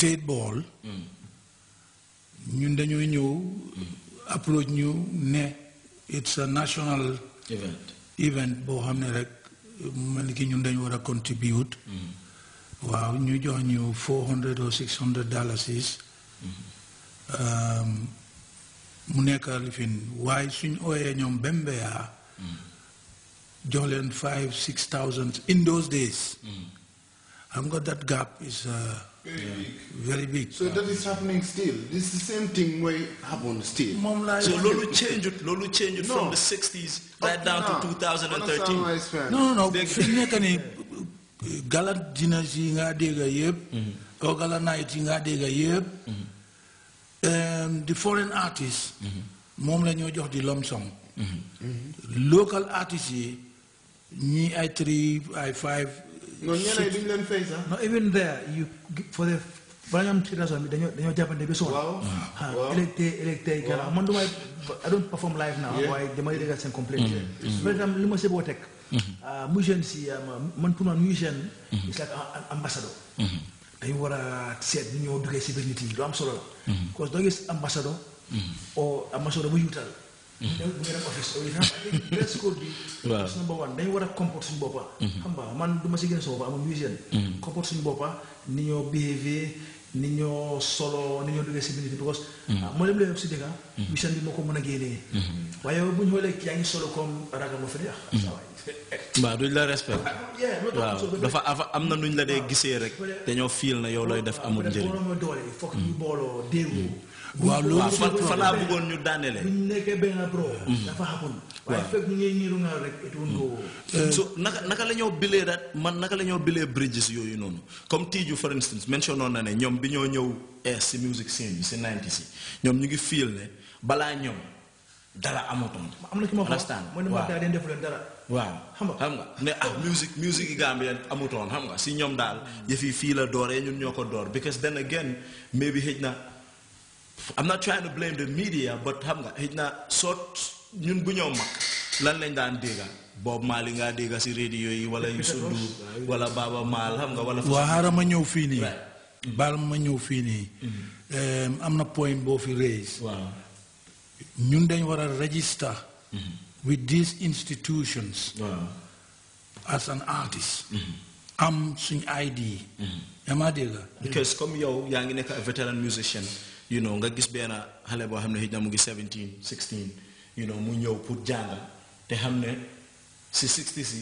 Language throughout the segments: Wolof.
state ball ñun dañuy ñëw approach ñu ne it's a national event event boo xam ne rek maliki ki ñun dañ war contribute waaw ñu jox ñu four hundred or six hundred dollars um, mu nekk lifin waaye suñ ooyee ñoom bembeyaa jox leen five six thousand in those days I'm got that gap is uh, very, big. very big. So that is happening still. This is the same thing we happen still. Mom, like, so Lolo changed it. Lolo changed no. from the 60s right down now. to 2013. No, no, no. Finally, galant dinners yi nga dégga yëpp. Mm-hmm. oo gala night yi nga dégga yëpp. Mm-hmm. Um, the foreign artists. moom mm-hmm. la ñoo jox di lump sum. local artists yi ñii ay three ay five ñooñu even there you for the bala nga am ci they bi dañoo dañoo jàppante bi sonn. waaw waaw électé électé gala man I don't perform live now. Why? The money déggal seen complaint. par exemple li ma see boo um, teg. muy uh, jeune si man pour man muy mm-hmm. jeune. is like an ambassador. dañu war a seet ñoo duggee si biir nit am solo Because parce que ambassador. Mm-hmm. or ambassador bu yuutal. ñoom bu ñu dem office yi dañu war a comporte suñu boppam. xam nga man du ma si gën sa boppam amul musicien. Mm-hmm. comporte suñu boppa ni ñoo behave ni ñoo solo ni ñoo duggee si biir mm-hmm. ah, mm-hmm. bi parce que. moo dem léegi si dëkk moo ko mën a génnee. waaye bu ñu xoolee yaa ngi solo comme ragal ma fi ne ah. waaw duñ la respect ah, waaw dafa afa am na nuñ la dee gisee rek dañoo fiil na yow looy def amul njëriñ. waaw loolu fa laa bëggoon ñu daanelee. bu ñu nekkee benn pro. Mm. dafa xamul. Mm. so naka naka la ñoo bilee daat man naka la ñoo bilee bridges yooyu noonu comme Tiju for instance mentionnoon na ne ñoom bi ñoo ñëw ees si music scene bi si 90 si ñoom ñu ngi fiil ne balaa ñoom dara amutoon. am na ci ma ko mooy ne ma daa dara. waaw xam nga xam nga ne ah musique musique yi Gambien amutoon xam nga si ñoom daal mm. yëf yi fii la dooree ñun ñoo ko door because then again bi xëj na. I'm not trying to blame the media but hamga nga sort na soot mak bu ñoo mag lan lañ daan dégga Bob Marley ngaa dégga si radio yi wala Youssou Ndour wala Baaba Maal xam nga wala. waaw xaaral ma ñëw fii nii. baal ma ñëw fii nii. Mm-hmm. am na point boo fi raise. waaw ñun dañ war register. Mm-hmm. with these institutions. as an artist. Mm-hmm. am suñ ID. yaa ma because comme yow yaa ngi a veteran musician you know nga gis benn xale boo xam ne na mu ngi 17 16 you know mu ñëw pour jàng te xam ne si 60 si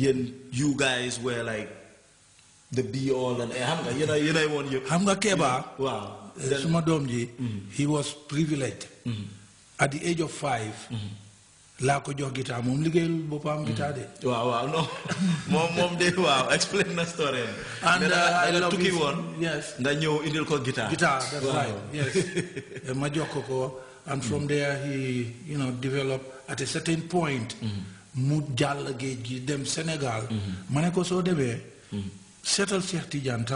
yéen you guys were like the be all and xam nga yéen a yéen a woon yëpp. xam nga Keba. waaw suma ji. Mm-hmm. he was privileged. Mm-hmm. at the age of five. Mm-hmm laa ko jox guitar moom liggéeyul boppam guitar de. Hmm. waaw waaw no, moom moom de waaw explain na story. and uh, I love tukki woon. yes nga ñëw indil ko guitar. guitar that's right yes. ma jox ko and from hmm. there he you know develop at a certain point. mu hmm. jàll géej gi dem Sénégal. ma ne ko soo demee. seetal Cheikh Tidiane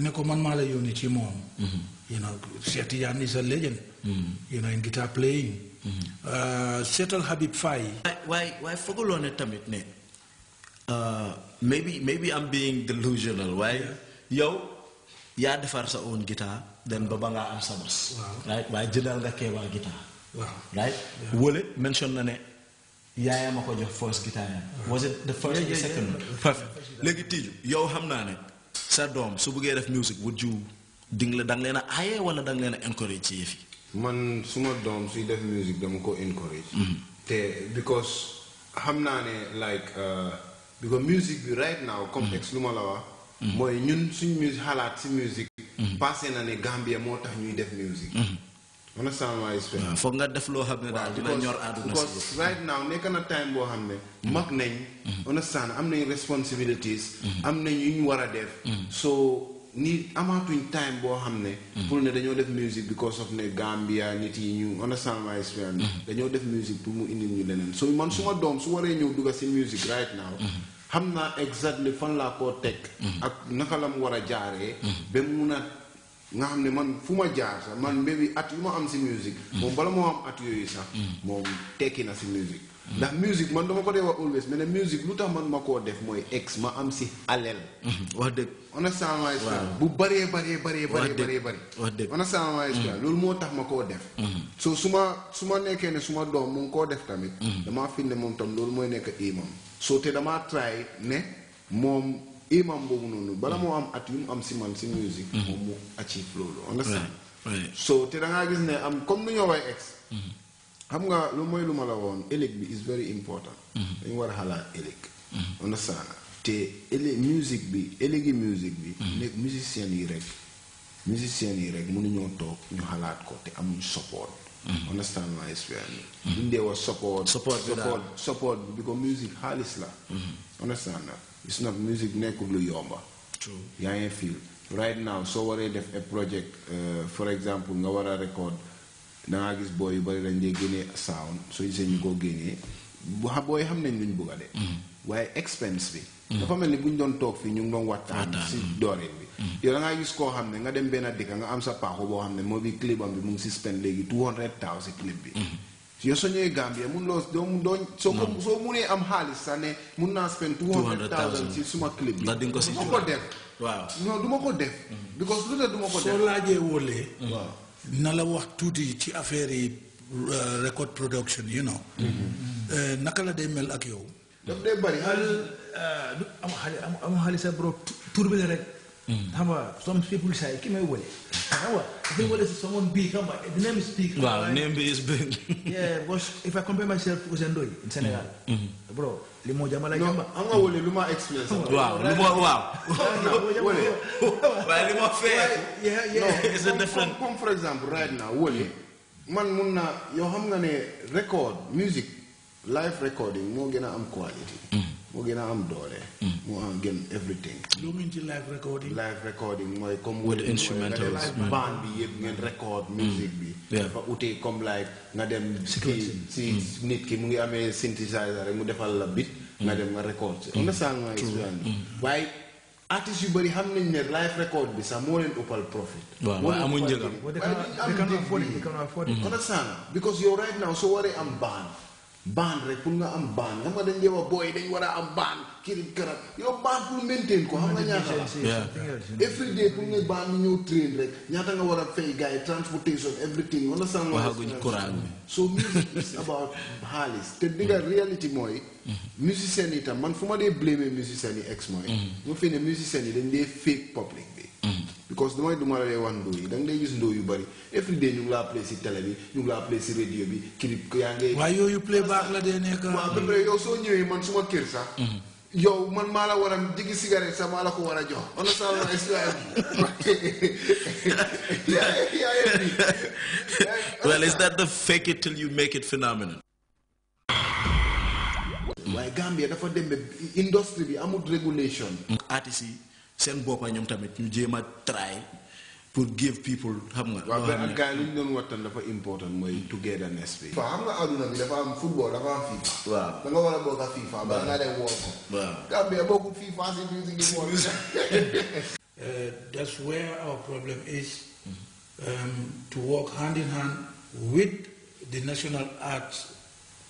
ne ko man maa la ci moom. Mhm. you know Cheikh Tidiane is a legend. Mhm. you know in guitar playing. Mhm. Uh, seetal Habib fay why, why fogolone tamit ne. Uh, maybe maybe I'm being delusional Why, yo, ya defar sa own guitar den ba nga am sa bos. right Why jëndal nga keebaa guitar. right wolé mention na né yaaya a jox first guitar. was it the first or second perfect léegi tiju yow xamna né sa doom su bëggee def music would you ding la da nga leen a aaye wala da nga leen a encourage ci yëf yi man suma doom suy def music dama ko encourage mhm. te because xam naa ne like uh, because music bi right now complexe mhm. lu ma la wax mhm. mooy ñun suñu music xalaat si music passé na ne Gambia moo tax ñuy def music understand why I fair. Ah, foog because right now nekk na time boo xam ne mag mm-hmm. Mm-hmm. am nañ responsibilities mm-hmm. am nañ yu ñu war def so ni in time boo xam ne pour ne dañoo def music because of ne Gambia nit yi ñu understand why it's fair dañoo def music pour mu indil ñu leneen so man suma doom su waree ñëw dugga si music right now xam naa exactly fan laa koo teg ak naka la nga xam ne man fu ma jaar sax man maybe at yu ma am si musique moom bala moo am at yooyu sax moom tekki na si musique ndax musique man dama ko dee wax always mais ne musique lu tax man ma koo def mooy ex ma am si aleel wax dëgg understand my style bu bëree bëree bëree bëree bëree bëri wax dëgg understand my style loolu moo tax ma koo def mm-hmm. so su ma su ma nekkee ne su ma doom mu koo def tamit mm-hmm. damaa fi ne moom tam loolu mooy nekk imam so te damaa try ne moom imam boobu noonu bala mm. moo am at yu mu am si man si musique mm. moom mu achieve loolu understand so te da gis ne am comme nu ñoo way ex mm. xam nga lu mooy lu ma la woon ëllëg bi is very important dañu war a xalaat ëllëg understand te ëllëg musique bi ëllëgi musique bi nekk musicien yi rek musicien yi rek mënuñoo toog ñu xalaat ko te amuñ support understand my experience duñ dee wax support support support bi ko musique xaalis la understand na it's not music nekkul lu yomba yaa ngi feel right now soo waree def a project uh, for example nga war a record dangaa gis booy yu bari dañ dee génnee sound soo gisee ñu koo génnee bu xam booy xam nañ luñ bëgg a de mm-hmm. waaye expense bi mm-hmm. dafa mel ni bu ñu doon toog fii ñu ngi doon waxtaan si mm-hmm. dooreen bi yow da gis koo xam ne nga dem benn dëkk nga am sa paaxu boo xam ne moo bi clipam bi mu ngi si spend léegi two hundred thousand clip bi yow soo ñëwee Gambia mun loo doo doo soo soo munee am xaalis sax ne mun naa spend two hundred thousand si suma clip bi du ma ko def waaw ma ko def because lu tax du ko def soo laajee wóolee mm-hmm. na la wax tuuti ci affaire yi uh, record production you know mm-hmm. eh, naka la day mel ak yow daf day bëri am xaalis am xaalis pour bi la rek xam mm. some people say ki may wële xam nga dafay wële someone big xam nga the name is big waaw name is big yeah because if I compare myself to Ousseyn Ndoye in Sénégal mm. mm. bro li moo jàmbale jàmba am nga wële lu ma experience waaw lu ma waaw wële waaye li yeah yeah is a different comme for example right now wële man mun naa yow xam nga ne record music live recording moo gën a am quality mu gën a am doole. Mm. mu am gën everything. lu mu ci live recording. live recording mooy comme. with instrumentals band bi yëpp ngeen record. Mm. music bi. dafa utee comme like nga dem. si si mm. nit ki mu ngi amee synthesizer rek mu defal la bit. nga dem nga record si. understand nga waaye artistes yu bëri xam nañ ne live record bi sax moo leen uppal profit. waaw waaye amuñ njëgam waaye amuñ njëgam. because soo waree am band. baan rek pour nga am baan xam nga dañ yow a booy dañ war a am baan kirit karab yow baan pour maintain ko xam nga ñaata la every nga ñaata nga war a fay gars yi transportation everything wala san waxaguñ courant so music is about xaalis te digga reality mooy musiciens yi tam man fu ma dee blâmer musiciens yi ex mooy mu mm-hmm. fi ne musiciens yi dañ dee fake public because damay du ma la dee wax ndóo yi da nga day ndóo yu bëri every day ñu ngi laa play si télé bi ñu ngi laa play si radio bi clip yaa ngi. waaw yooyu play baax la dee nekk. waaw ba pare yow soo ñëwee man suma kër sax. Mm-hmm. yow man maa la war a jigi cigarette sax maa la ko war a jox on a is that the fake it till you make it phenomenon. waaye Gambia dafa dem ba industrie bi amul régulation. Mm, artistes yi. tamit ñu try pour give people xam nga. ak doon dafa important togetherness bi. xam nga bi dafa am football dafa am FIFA. da nga bokk ak FIFA. ba nga dem ko. Gambia FIFA uh, that's where our problem is. Um, to work hand in hand with the national arts.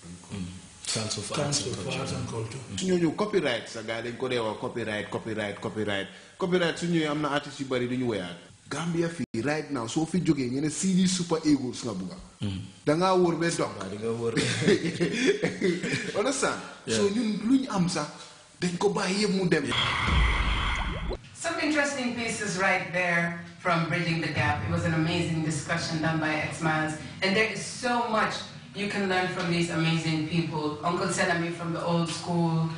Mm-hmm of, arts, and arts and culture su copyright sa dañ ko dee wax copyright copyright copyright copyright su ñëwee am na yu bëri du ñu woyaat Gambia fii right now soo fi jógee ñu ne CD Super Eagles nga bugga mm. da ngaa wër ba dox nga wër so ñun lu ñu am sax dañ ko bàyyi yëpp mu dem Some interesting pieces right there from Bridging the Gap. It was an amazing discussion done by X Miles, and there is so much you can learn from these amazing people. Uncle Selami from the old school,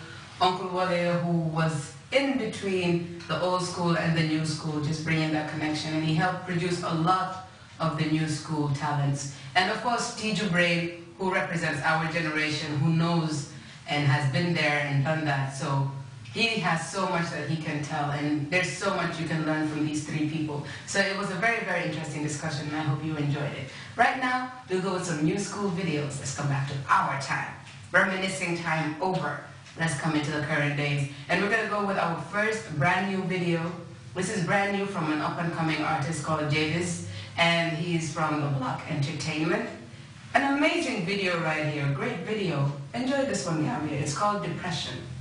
Uncle Wale who was in between the old school and the new school, just bringing that connection. And he helped produce a lot of the new school talents. And of course, Tiju Bray, who represents our generation, who knows and has been there and done that. So he has so much that he can tell, and there's so much you can learn from these three people. So it was a very, very interesting discussion, and I hope you enjoyed it. Right now, we'll go with some new school videos. Let's come back to our time, reminiscing time over. Let's come into the current days. And we're gonna go with our first brand new video. This is brand new from an up-and-coming artist called Davis, and he's from The Block Entertainment. An amazing video right here, great video. Enjoy this one, Gambia. It's called Depression.